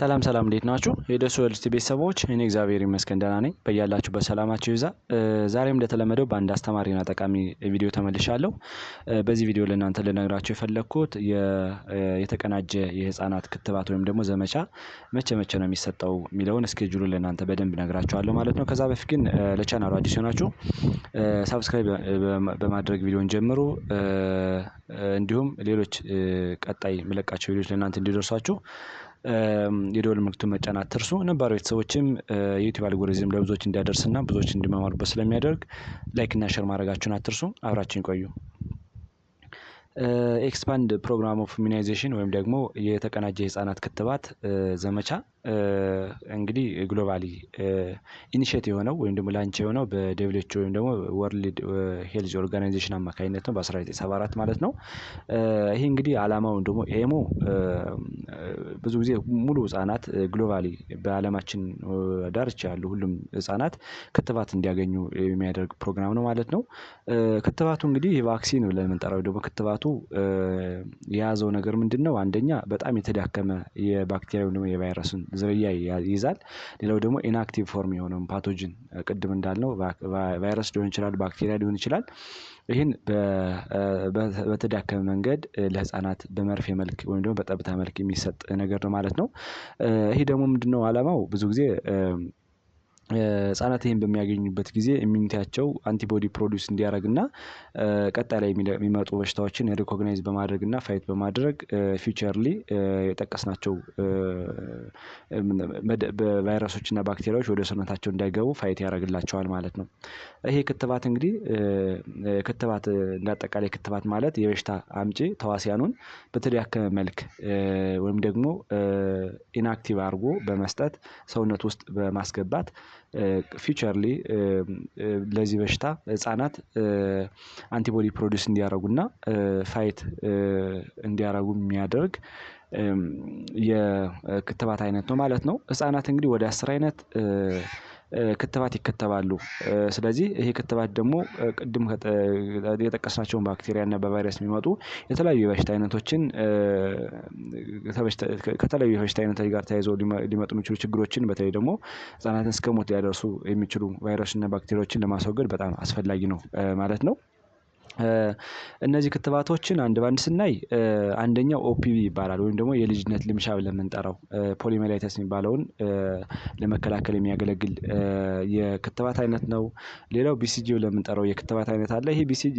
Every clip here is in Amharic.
ሰላም ሰላም እንዴት ናችሁ? የደሱ ሪልስቴት ቤተሰቦች፣ እኔ እግዚአብሔር ይመስገን ደህና ነኝ። በያላችሁ በሰላማችሁ ይዛ። ዛሬም እንደተለመደው በአንድ አስተማሪና ጠቃሚ ቪዲዮ ተመልሻለሁ። በዚህ ቪዲዮ ለእናንተ ልነግራችሁ የፈለግኩት የተቀናጀ የህፃናት ክትባት ወይም ደግሞ ዘመቻ መቼ መቼ ነው የሚሰጠው የሚለውን እስኬጁሉ ለእናንተ በደንብ ነግራችኋለሁ ማለት ነው። ከዛ በፊት ግን ለቻናሉ አዲስ ሆናችሁ ሳብስክራይብ በማድረግ ቪዲዮን ጀምሩ። እንዲሁም ሌሎች ቀጣይ የምለቃቸው ቪዲዮች ለእናንተ እንዲደርሷችሁ የደወል ምልክቱን መጫን አትርሱ። ነባር ቤተሰቦችም የዩቲዩብ አልጎሪዝም ለብዙዎች እንዲያደርስና ብዙዎች እንዲመማሩበት ስለሚያደርግ ላይክና ሸር ማድረጋችሁን አትርሱ። አብራችን ቆዩ። ኤክስፓንድ ፕሮግራም ኦፍ ኢሚናይዜሽን ወይም ደግሞ የተቀናጀ የህፃናት ክትባት uh, ዘመቻ uh, እንግዲህ ግሎባሊ ኢኒሽት uh, የሆነው ወይም ደግሞ ላንች የሆነው በደብሊች ወይም ደግሞ ወርልድ ሄልዝ ኦርጋናይዜሽን አማካኝነት ነው በ1974 ማለት ነው። ይህ እንግዲህ አላማውን ደግሞ ኤሞ ብዙ ጊዜ ሙሉ ህጻናት ግሎባሊ በአለማችን ዳርቻ ያሉ ሁሉም ህጻናት ክትባት እንዲያገኙ የሚያደርግ ፕሮግራም ነው ማለት ነው። ክትባቱ እንግዲህ ቫክሲን ብለን የምንጠራው ደግሞ ክትባቱ ጉዳቱ የያዘው ነገር ምንድን ነው? አንደኛ በጣም የተዳከመ የባክቴሪያ ወይም ደግሞ የቫይረስን ዝርያ ይይዛል። ሌላው ደግሞ ኢንአክቲቭ ፎርም የሆነውን ፓቶጅን ቅድም እንዳልነው ቫይረስ ሊሆን ይችላል፣ ባክቴሪያ ሊሆን ይችላል። ይህን በተዳከመ መንገድ ለህፃናት በመርፌ መልክ ወይም ደግሞ በጠብታ መልክ የሚሰጥ ነገር ነው ማለት ነው። ይሄ ደግሞ ምንድነው? አላማው ብዙ ጊዜ ህጻናት ይህን በሚያገኙበት ጊዜ ኢሚኒቲያቸው አንቲቦዲ እንዲያደረግ እንዲያደርግና ቀጣይ ላይ የሚመጡ በሽታዎችን ሪኮግናይዝ በማድረግና ፋይት በማድረግ ፊውቸርሊ የጠቀስናቸው ቫይረሶችና ባክቴሪያዎች ወደ ሰውነታቸው እንዳይገቡ ፋይት ያደረግላቸዋል ማለት ነው። ይሄ ክትባት እንግዲህ ክትባት እንዳጠቃላይ ክትባት ማለት የበሽታ አምጪ ተዋሲያኑን በተዳከመ መልክ ወይም ደግሞ ኢንአክቲቭ አድርጎ በመስጠት ሰውነት ውስጥ በማስገባት ፊውቸርሊ ለዚህ በሽታ ህጻናት አንቲቦዲ ፕሮዲስ እንዲያረጉና ፋይት እንዲያረጉ የሚያደርግ የክትባት አይነት ነው ማለት ነው። ህጻናት እንግዲህ ወደ አስር አይነት ክትባት ይከተባሉ። ስለዚህ ይሄ ክትባት ደግሞ ቅድም የጠቀስናቸውን ባክቴሪያ እና በቫይረስ የሚመጡ የተለያዩ የበሽታ አይነቶችን ከተለያዩ የበሽታ አይነቶች ጋር ተያይዘው ሊመጡ የሚችሉ ችግሮችን በተለይ ደግሞ ህጻናትን እስከ ሞት ሊያደርሱ የሚችሉ ቫይረስና ባክቴሪያዎችን ለማስወገድ በጣም አስፈላጊ ነው ማለት ነው። እነዚህ ክትባቶችን አንድ በአንድ ስናይ አንደኛው ኦፒቪ ይባላል ወይም ደግሞ የልጅነት ልምሻ ብለን የምንጠራው ፖሊሜላይተስ የሚባለውን ለመከላከል የሚያገለግል የክትባት አይነት ነው። ሌላው ቢሲጂ ብለን የምንጠራው የክትባት አይነት አለ። ይሄ ቢሲጂ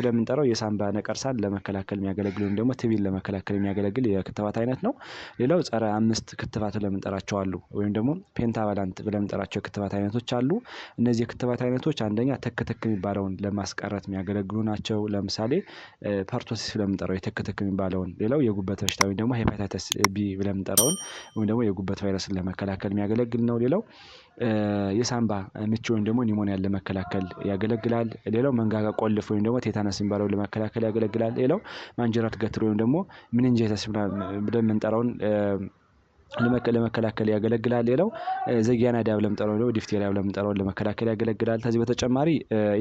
ብለን የምንጠራው የሳምባ ነቀርሳን ለመከላከል የሚያገለግል ወይም ደግሞ ቲቪን ለመከላከል የሚያገለግል የክትባት አይነት ነው። ሌላው ጸረ አምስት ክትባት ብለን የምንጠራቸው አሉ ወይም ደግሞ ፔንታቫላንት ብለን የምንጠራቸው የክትባት አይነቶች አሉ። እነዚህ የክትባት አይነቶች አንደኛ ተክተክ የሚባለውን ለማስቀረት የሚያገለግሉ ናቸው። ለምሳሌ ፐርቶሲስ ብለምንጠራው የትክትክ የሚባለውን ሌላው የጉበት በሽታ ወይም ደግሞ ሄፓታይተስ ቢ ብለምንጠራውን ወይም ደግሞ የጉበት ቫይረስን ለመከላከል የሚያገለግል ነው። ሌላው የሳምባ ምች ወይም ደግሞ ኒሞኒያን ለመከላከል ያገለግላል። ሌላው መንጋጋ ቆልፍ ወይም ደግሞ ቴታነስ የሚባለውን ለመከላከል ያገለግላል። ሌላው ማንጀራት ገትር ወይም ደግሞ ምንንጃይተስ ብለምንጠራውን ለመከላከል ያገለግላል። ሌላው ዘጊያና ዳብ ለምንጠራው ነው ዲፍቴሪያ ለምንጠራውን ለመከላከል ያገለግላል። ከዚህ በተጨማሪ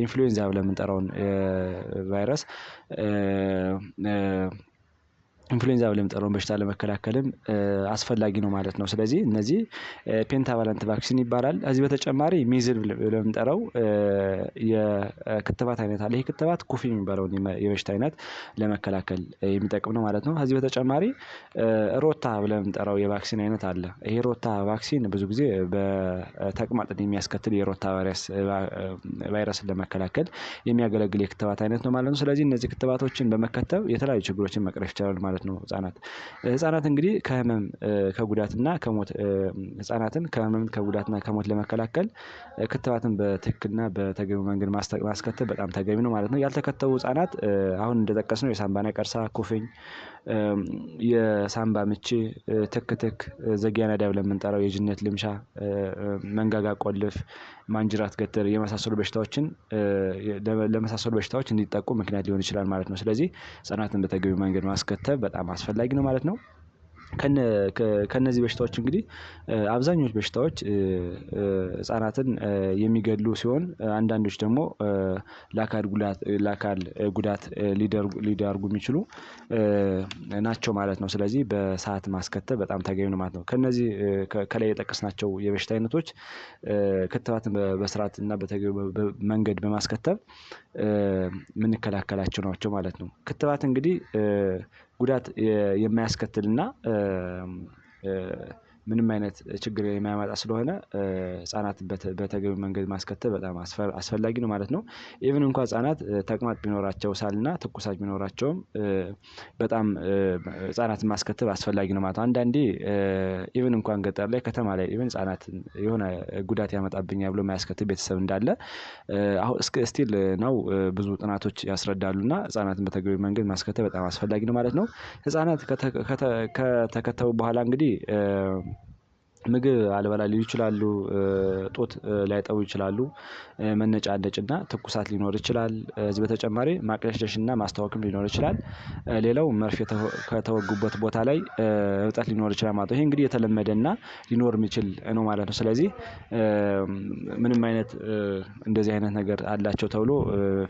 ኢንፍሉዌንዛ ብለን ቫይረስ ኢንፍሉዌንዛ ብለን የምንጠራውን በሽታ ለመከላከልም አስፈላጊ ነው ማለት ነው። ስለዚህ እነዚህ ፔንታቫለንት ቫክሲን ይባላል። ከዚህ በተጨማሪ ሚዝል ብለን የምንጠራው የክትባት አይነት አለ። ይህ ክትባት ኩፍ የሚባለውን የበሽታ አይነት ለመከላከል የሚጠቅም ነው ማለት ነው። ከዚህ በተጨማሪ ሮታ ብለን የምንጠራው የቫክሲን አይነት አለ። ይሄ ሮታ ቫክሲን ብዙ ጊዜ በተቅማጥን የሚያስከትል የሮታ ቫይረስን ለመከላከል የሚያገለግል የክትባት አይነት ነው ማለት ነው። ስለዚህ እነዚህ ክትባቶችን በመከተብ የተለያዩ ችግሮችን መቅረፍ ይቻላል ማለት ነው። ማለት ነው። ህጻናት ህጻናት እንግዲህ ከህመም ከጉዳትና ከሞት ህጻናትን ከህመም ከጉዳትና ከሞት ለመከላከል ክትባትን በትክክልና በተገቢ መንገድ ማስከተብ በጣም ተገቢ ነው ማለት ነው። ያልተከተቡ ህጻናት አሁን እንደጠቀስ ነው የሳምባ ነቀርሳ ኩፍኝ የሳምባ ምች፣ ትክትክ፣ ትክ ናዳ ብለን የምንጠራው የጅነት ልምሻ፣ መንጋጋ ቆልፍ፣ ማንጅራት ገትር የመሳሰሉ በሽታዎችን ለመሳሰሉ በሽታዎች እንዲጠቁ ምክንያት ሊሆን ይችላል ማለት ነው። ስለዚህ ህጻናትን በተገቢ መንገድ ማስከተብ በጣም አስፈላጊ ነው ማለት ነው። ከነዚህ በሽታዎች እንግዲህ አብዛኞቹ በሽታዎች ህጻናትን የሚገድሉ ሲሆን አንዳንዶች ደግሞ ለአካል ጉዳት ለአካል ሊዳርጉ የሚችሉ ናቸው ማለት ነው። ስለዚህ በሰዓት ማስከተብ በጣም ተገቢ ነው ማለት ነው። ከነዚህ ከላይ የጠቀስናቸው የበሽታ አይነቶች ክትባትን በስርዓት እና በተገቢ መንገድ በማስከተብ የምንከላከላቸው ናቸው ማለት ነው። ክትባት እንግዲህ ጉዳት የማያስከትልና ምንም አይነት ችግር የማያመጣ ስለሆነ ህጻናት በተገቢ መንገድ ማስከተብ በጣም አስፈላጊ ነው ማለት ነው። ኢቭን እንኳን ህፃናት ተቅማጥ ቢኖራቸው ሳልና ትኩሳት ቢኖራቸውም በጣም ህፃናትን ማስከተብ አስፈላጊ ነው ማለት ነው። አንዳንዴ ኢቭን እንኳን ገጠር ላይ ከተማ ላይ ኢቭን ህጻናት የሆነ ጉዳት ያመጣብኛል ብሎ የማያስከትብ ቤተሰብ እንዳለ አሁን ስቲል ነው ብዙ ጥናቶች ያስረዳሉና ህፃናትን በተገቢ መንገድ ማስከተብ በጣም አስፈላጊ ነው ማለት ነው። ህጻናት ከተከተቡ በኋላ እንግዲህ ምግብ አልበላ ሊሉ ይችላሉ። ጡት ሊያጠቡ ይችላሉ። መነጫነጭና ትኩሳት ሊኖር ይችላል። እዚህ በተጨማሪ ማቅለሽለሽና ማስታወክም ሊኖር ይችላል። ሌላው መርፌ ከተወጉበት ቦታ ላይ እብጠት ሊኖር ይችላል ማለት ነው። ይሄ እንግዲህ የተለመደና ሊኖር የሚችል ነው ማለት ነው። ስለዚህ ምንም አይነት እንደዚህ አይነት ነገር አላቸው ተብሎ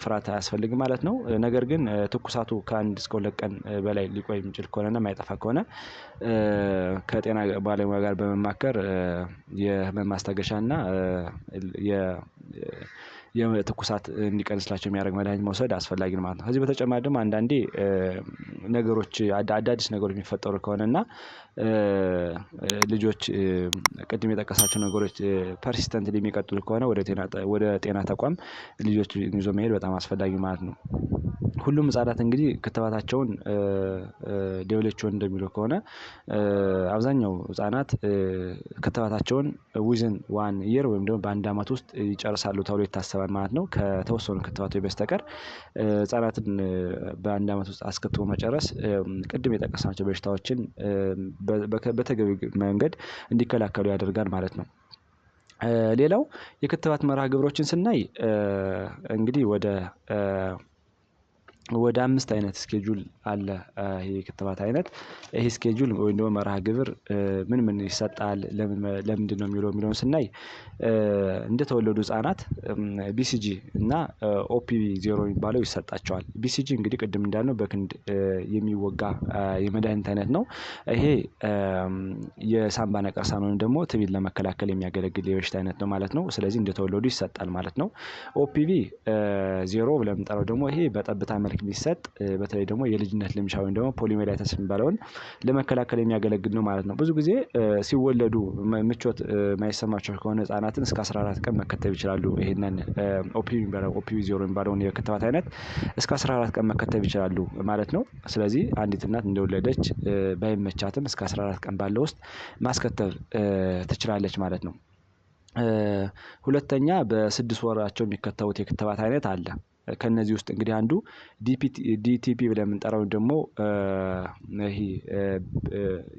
ፍርሃት አያስፈልግም ማለት ነው። ነገር ግን ትኩሳቱ ከአንድ እስከ ሁለት ቀን በላይ ሊቆይ የሚችል ከሆነና ማይጠፋ ከሆነ ከጤና ባለሙያ ጋር በመማከል ባሻገር የህመም ማስታገሻ እና የትኩሳት እንዲቀንስላቸው የሚያደርግ መድኃኒት መውሰድ አስፈላጊ ነው ማለት ነው። ከዚህ በተጨማሪ ደግሞ አንዳንዴ ነገሮች አዳዲስ ነገሮች የሚፈጠሩ ከሆነ እና ልጆች ቅድም የጠቀሳቸው ነገሮች ፐርሲስተንት የሚቀጥሉ ከሆነ ወደ ጤና ተቋም ልጆች ይዞ መሄድ በጣም አስፈላጊ ማለት ነው። ሁሉም ህጻናት እንግዲህ ክትባታቸውን ደብሊውኤችኦ እንደሚለው ከሆነ አብዛኛው ህጻናት ክትባታቸውን ዊዝን ዋን የር ወይም ደግሞ በአንድ አመት ውስጥ ይጨርሳሉ ተብሎ ይታሰባል ማለት ነው። ከተወሰኑ ክትባቶች በስተቀር ህጻናትን በአንድ አመት ውስጥ አስከትቦ መጨረስ ቅድም የጠቀስናቸው በሽታዎችን በተገቢ መንገድ እንዲከላከሉ ያደርጋል ማለት ነው። ሌላው የክትባት መርሃ ግብሮችን ስናይ እንግዲህ ወደ ወደ አምስት አይነት ስኬጁል አለ ይ የክትባት አይነት። ይሄ ስኬጁል ወይም ደግሞ መርሃ ግብር ምን ምን ይሰጣል፣ ለምንድን ነው የሚለው የሚለውን ስናይ እንደተወለዱ ህጻናት ቢሲጂ እና ኦፒቪ ዜሮ የሚባለው ይሰጣቸዋል። ቢሲጂ እንግዲህ ቅድም እንዳልነው በክንድ የሚወጋ የመድኃኒት አይነት ነው። ይሄ የሳምባ ነቀርሳን ወይም ደግሞ ትቢት ለመከላከል የሚያገለግል የበሽታ አይነት ነው ማለት ነው። ስለዚህ እንደተወለዱ ይሰጣል ማለት ነው። ኦፒቪ ዜሮ ብለን ደግሞ ይሄ በጠብታ መልክ ትኩረት ቢሰጥ በተለይ ደግሞ የልጅነት ልምሻ ወይም ደግሞ ፖሊሜላይተስ የሚባለውን ለመከላከል የሚያገለግል ነው ማለት ነው። ብዙ ጊዜ ሲወለዱ ምቾት የማይሰማቸው ከሆነ ህጻናትን እስከ 14 ቀን መከተብ ይችላሉ። ይህንን ኦፒቪ የሚባለው ኦፒቪ ዜሮ የሚባለውን የክትባት አይነት እስከ 14 ቀን መከተብ ይችላሉ ማለት ነው። ስለዚህ አንዲት እናት እንደወለደች ባይመቻትም እስከ 14 ቀን ባለው ውስጥ ማስከተብ ትችላለች ማለት ነው። ሁለተኛ በስድስት ወራቸው የሚከተቡት የክትባት አይነት አለ ከነዚህ ውስጥ እንግዲህ አንዱ ዲቲፒ ብለን የምንጠራው ደግሞ ይሄ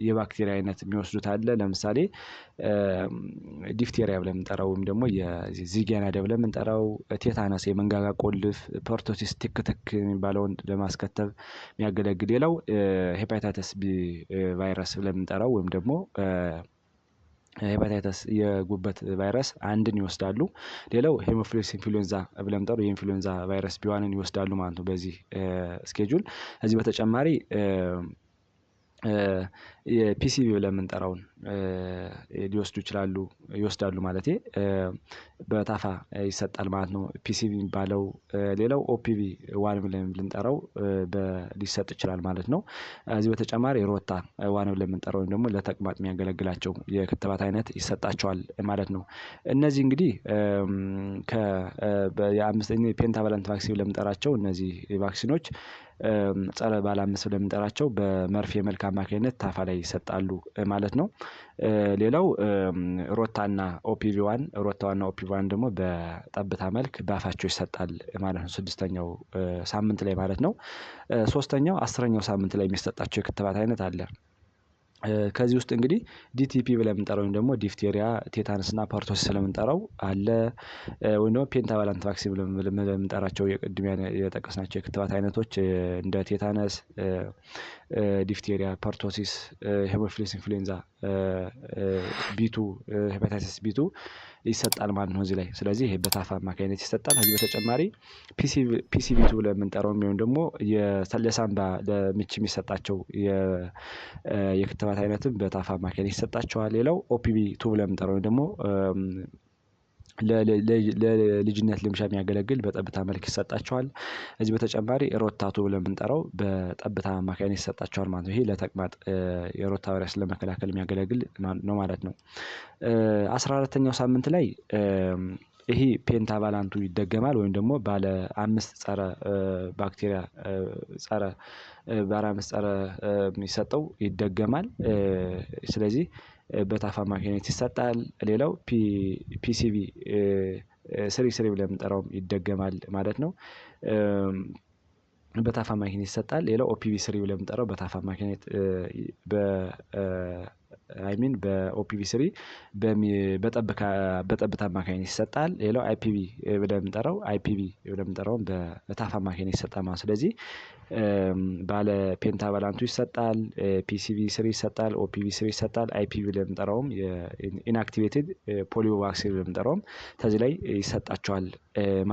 የባክቴሪያ አይነት የሚወስዱት አለ። ለምሳሌ ዲፍቴሪያ ብለን የምንጠራው ወይም ደግሞ የዚጊያና ብለን የምንጠራው ቴታነስ፣ የመንጋጋ ቆልፍ፣ ፐርቶሲስ ትክትክ የሚባለውን ለማስከተብ የሚያገለግል ሌላው ሄፓታይተስ ቢ ቫይረስ ብለን የምንጠራው ወይም ደግሞ ሄፓታይተስ የጉበት ቫይረስ አንድን ይወስዳሉ። ሌላው ሄሞፊሎስ ኢንፍሉዌንዛ ብለን ጠሩ የኢንፍሉዌንዛ ቫይረስ ቢዋንን ይወስዳሉ ማለት ነው። በዚህ ስኬጁል እዚህ በተጨማሪ የፒሲቪ ብለን የምንጠራውን ሊወስዱ ይችላሉ ይወስዳሉ ማለት በታፋ ይሰጣል ማለት ነው። ፒሲቪ የሚባለው ሌላው ኦፒቪ ዋን ብለን ልንጠራው ሊሰጥ ይችላል ማለት ነው። እዚህ በተጨማሪ ሮታ ዋን ብለን የምንጠራው ወይም ደግሞ ለተቅማጥ የሚያገለግላቸው የክትባት አይነት ይሰጣቸዋል ማለት ነው። እነዚህ እንግዲህ ከአምስተኛ የፔንታቫለንት ቫክሲን ብለን የምንጠራቸው እነዚህ ቫክሲኖች ጸረ ባለ አምስት ብለን የምንጠራቸው በመርፌ መልክ አማካኝነት ታፋ ላይ ይሰጣሉ ማለት ነው። ሌላው ሮታና ኦፒቪዋን ሮታዋና ኦፒቪዋን ደግሞ በጠብታ መልክ በአፋቸው ይሰጣል ማለት ነው። ስድስተኛው ሳምንት ላይ ማለት ነው። ሶስተኛው አስረኛው ሳምንት ላይ የሚሰጣቸው የክትባት አይነት አለ ከዚህ ውስጥ እንግዲህ ዲቲፒ ብለን የምንጠራው ወይም ደግሞ ዲፍቴሪያ፣ ቴታንስ እና ፓርቶስ ስለምንጠራው አለ ወይም ደግሞ ፔንታቫላንት ቫክሲን ለምንጠራቸው የቅድም የጠቀስናቸው የክትባት አይነቶች እንደ ቴታነስ፣ ዲፍቴሪያ፣ ፐርቶሲስ፣ ሄሞፊሊስ ኢንፍሉዌንዛ፣ ቢቱ ሄፓታይተስ ቢቱ ይሰጣል ማለት ነው እዚህ ላይ። ስለዚህ ይሄ በታፋ አማካኝነት ይሰጣል። ከዚህ በተጨማሪ ፒሲቪ ቱ ብለን የሚሆን ወይም ደግሞ ለሳምባ ለምች የሚሰጣቸው የክትባት አይነትም በታፋ አማካኝነት ይሰጣቸዋል። ሌላው ኦፒቪ ቱ ብለን ደግሞ ለልጅነት ልምሻ የሚያገለግል በጠብታ መልክ ይሰጣቸዋል። እዚህ በተጨማሪ ሮታቱ ብለን የምንጠራው በጠብታ አማካኝነት ይሰጣቸዋል ማለት ነው። ይሄ ለተቅማጥ የሮታ ቫይረስ ለመከላከል የሚያገለግል ነው ማለት ነው። አስራ አራተኛው ሳምንት ላይ ይሄ ፔንታቫላንቱ ይደገማል ወይም ደግሞ ባለ አምስት ጸረ ባክቴሪያ ጸረ ባለ አምስት ጸረ የሚሰጠው ይደገማል። ስለዚህ በታፋ ማሽነት ይሰጣል። ሌላው ፒሲቪ ስሪ ስሪ ብለን የምንጠራውም ይደገማል ማለት ነው። በታፋ ማሽነት ይሰጣል። ሌላው ኦፒቪ ስሪ ብለን የምንጠራው በታፍ አማካኝነት በ አይሚን በኦፒቪ ስሪ በጠብታ አማካኝነት ይሰጣል። ሌላው አይፒቪ ብለምንጠራው አይፒቪ ብለምንጠራውን በእታፍ አማካኝነት ይሰጣል ማለት ስለዚህ ባለ ፔንታቫላንቱ ይሰጣል፣ ፒሲቪ ስሪ ይሰጣል፣ ኦፒቪ ስሪ ይሰጣል፣ አይፒቪ ለምንጠራውም ኢንአክቲቬትድ ፖሊዮቫክሲን ለምንጠራውም ከዚህ ላይ ይሰጣቸዋል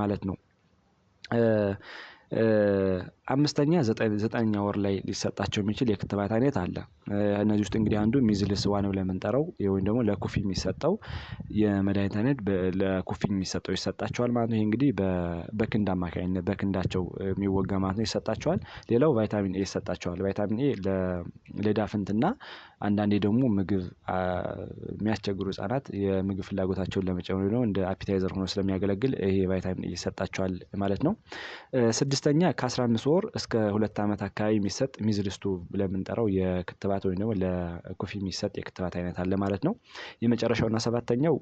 ማለት ነው። አምስተኛ ዘጠነኛ ወር ላይ ሊሰጣቸው የሚችል የክትባት አይነት አለ። እነዚህ ውስጥ እንግዲህ አንዱ ሚዝልስ ዋን ብለን የምንጠራው ወይም ደግሞ ለኩፍኝ የሚሰጠው የመድኃኒት አይነት ለኩፍኝ የሚሰጠው ይሰጣቸዋል ማለት ነው። ይሄ እንግዲህ በክንድ አማካኝነት በክንዳቸው የሚወጋ ማለት ነው ይሰጣቸዋል። ሌላው ቫይታሚን ኤ ይሰጣቸዋል ቫይታሚን ኤ ለዳፍንትና አንዳንዴ ደግሞ ምግብ የሚያስቸግሩ ህጻናት የምግብ ፍላጎታቸውን ለመጨመር ነው እንደ አፒታይዘር ሆኖ ስለሚያገለግል ይሄ ቫይታሚን e ይሰጣቸዋል ማለት ነው። ስድስተኛ ከአሥራ አምስት ወር እስከ ሁለት አመት አካባቢ የሚሰጥ ሚዝልስቱ ብለን የምንጠራው የክትባት ወይም ደግሞ ለኩፊ የሚሰጥ የክትባት አይነት አለ ማለት ነው። የመጨረሻውና ሰባተኛው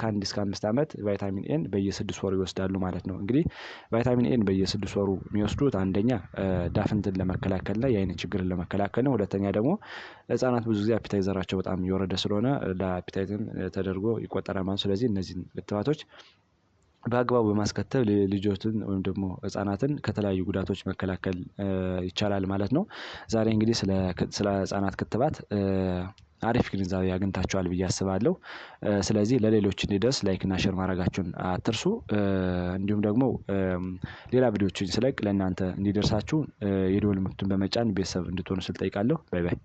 ከአንድ እስከ አምስት አመት ቫይታሚን ኤን በየስድስት ወሩ ይወስዳሉ ማለት ነው። እንግዲህ ቫይታሚን ኤን በየስድስት ወሩ የሚወስዱት አንደኛ ዳፍንትን ለመከላከል እና የአይን ችግርን ለመከላከል ነው። ሁለተኛ ደግሞ ህጻናት ብዙ ብዙ ጊዜ አፒታይዘራቸው በጣም የወረደ ስለሆነ ለአፒታይትም ተደርጎ ይቆጠራል ማለት ስለዚህ እነዚህን ክትባቶች በአግባቡ በማስከተብ ልጆትን ወይም ደግሞ ህጻናትን ከተለያዩ ጉዳቶች መከላከል ይቻላል ማለት ነው። ዛሬ እንግዲህ ስለ ህጻናት ክትባት አሪፍ ግንዛቤ አግኝታችኋል ብዬ አስባለሁ። ስለዚህ ለሌሎች እንዲደርስ ላይክ እና ማድረጋችሁን አትርሱ። እንዲሁም ደግሞ ሌላ ቪዲዮችን ስለቅ ለእናንተ እንዲደርሳችሁ የደወል ምልክቱን በመጫን ቤተሰብ እንድትሆኑ ስል ጠይቃለሁ። ባይ ባይ።